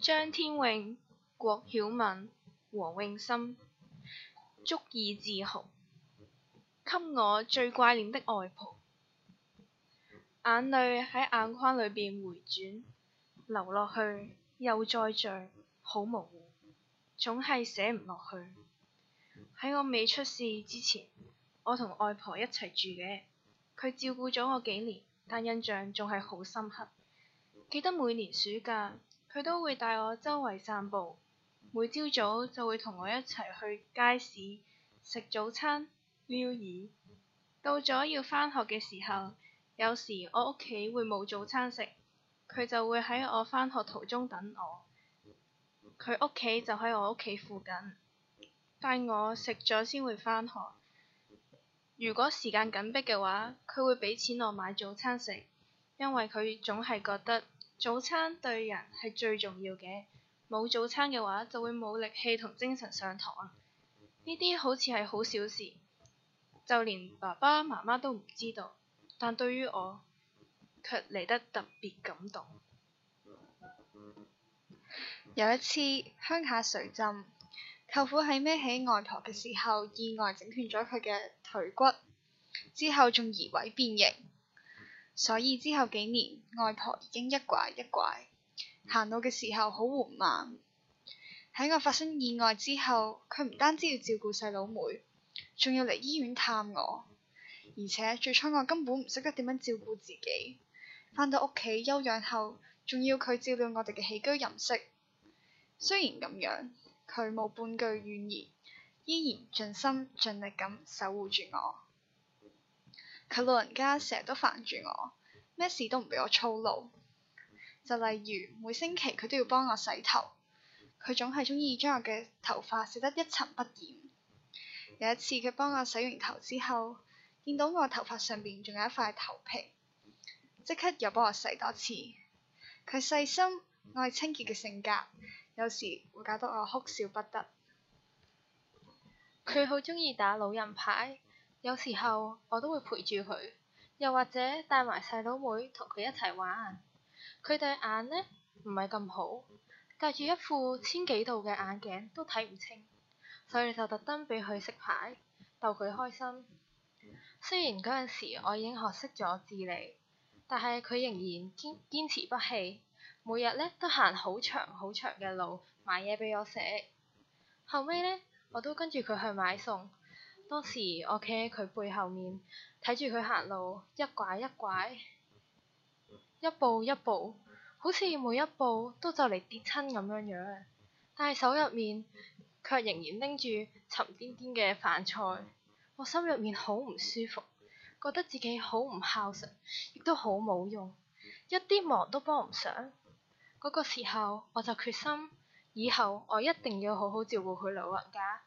張天穎、郭曉敏、王泳森，足以自豪。給我最掛念的外婆，眼淚喺眼眶裏邊回轉，流落去又再聚，好模糊，總係寫唔落去。喺我未出事之前，我同外婆一齊住嘅，佢照顧咗我幾年，但印象仲係好深刻。記得每年暑假，佢都會帶我周圍散步，每朝早就會同我一齊去街市食早餐、遛耳。到咗要返學嘅時候，有時我屋企會冇早餐食，佢就會喺我返學途中等我。佢屋企就喺我屋企附近，帶我食咗先會返學。如果時間緊迫嘅話，佢會畀錢我買早餐食，因為佢總係覺得，早餐對人係最重要嘅，冇早餐嘅話就會冇力氣同精神上堂。呢啲好似係好小事，就連爸爸媽媽都唔知道，但對於我，卻嚟得特別感動。有一次鄉下水浸，舅父喺孭起外婆嘅時候，意外整斷咗佢嘅腿骨，之後仲移位變形。所以之後幾年，外婆已經一拐一拐，行路嘅時候好緩慢。喺我發生意外之後，佢唔單止要照顧細佬妹，妹，仲要嚟醫院探我。而且最初我根本唔識得點樣照顧自己，返到屋企休養後，仲要佢照料我哋嘅起居飲食。雖然咁樣，佢冇半句怨言，依然盡心盡力咁守護住我。佢老人家成日都煩住我，咩事都唔畀我粗魯。就例如每星期佢都要幫我洗頭，佢總係鍾意將我嘅頭髮洗得一塵不染。有一次佢幫我洗完頭之後，見到我頭髮上面仲有一塊頭皮，即刻又幫我洗多次。佢細心愛清潔嘅性格，有時會搞到我哭笑不得。佢好鍾意打老人牌。有時候我都會陪住佢，又或者帶埋細佬妹同佢一齊玩。佢對眼呢唔係咁好，戴住一副千幾度嘅眼鏡都睇唔清，所以就特登畀佢識牌，逗佢開心。雖然嗰陣時我已經學識咗自理，但係佢仍然堅堅持不棄，每日呢都行好長好長嘅路買嘢畀我食。後尾呢，我都跟住佢去買餸。當時我企喺佢背後面，睇住佢行路，一拐一拐，一步一步，好似每一步都就嚟跌親咁樣樣，但係手入面卻仍然拎住沉甸甸嘅飯菜，我心入面好唔舒服，覺得自己好唔孝順，亦都好冇用，一啲忙都幫唔上。嗰個時候我就決心，以後我一定要好好照顧佢老人家。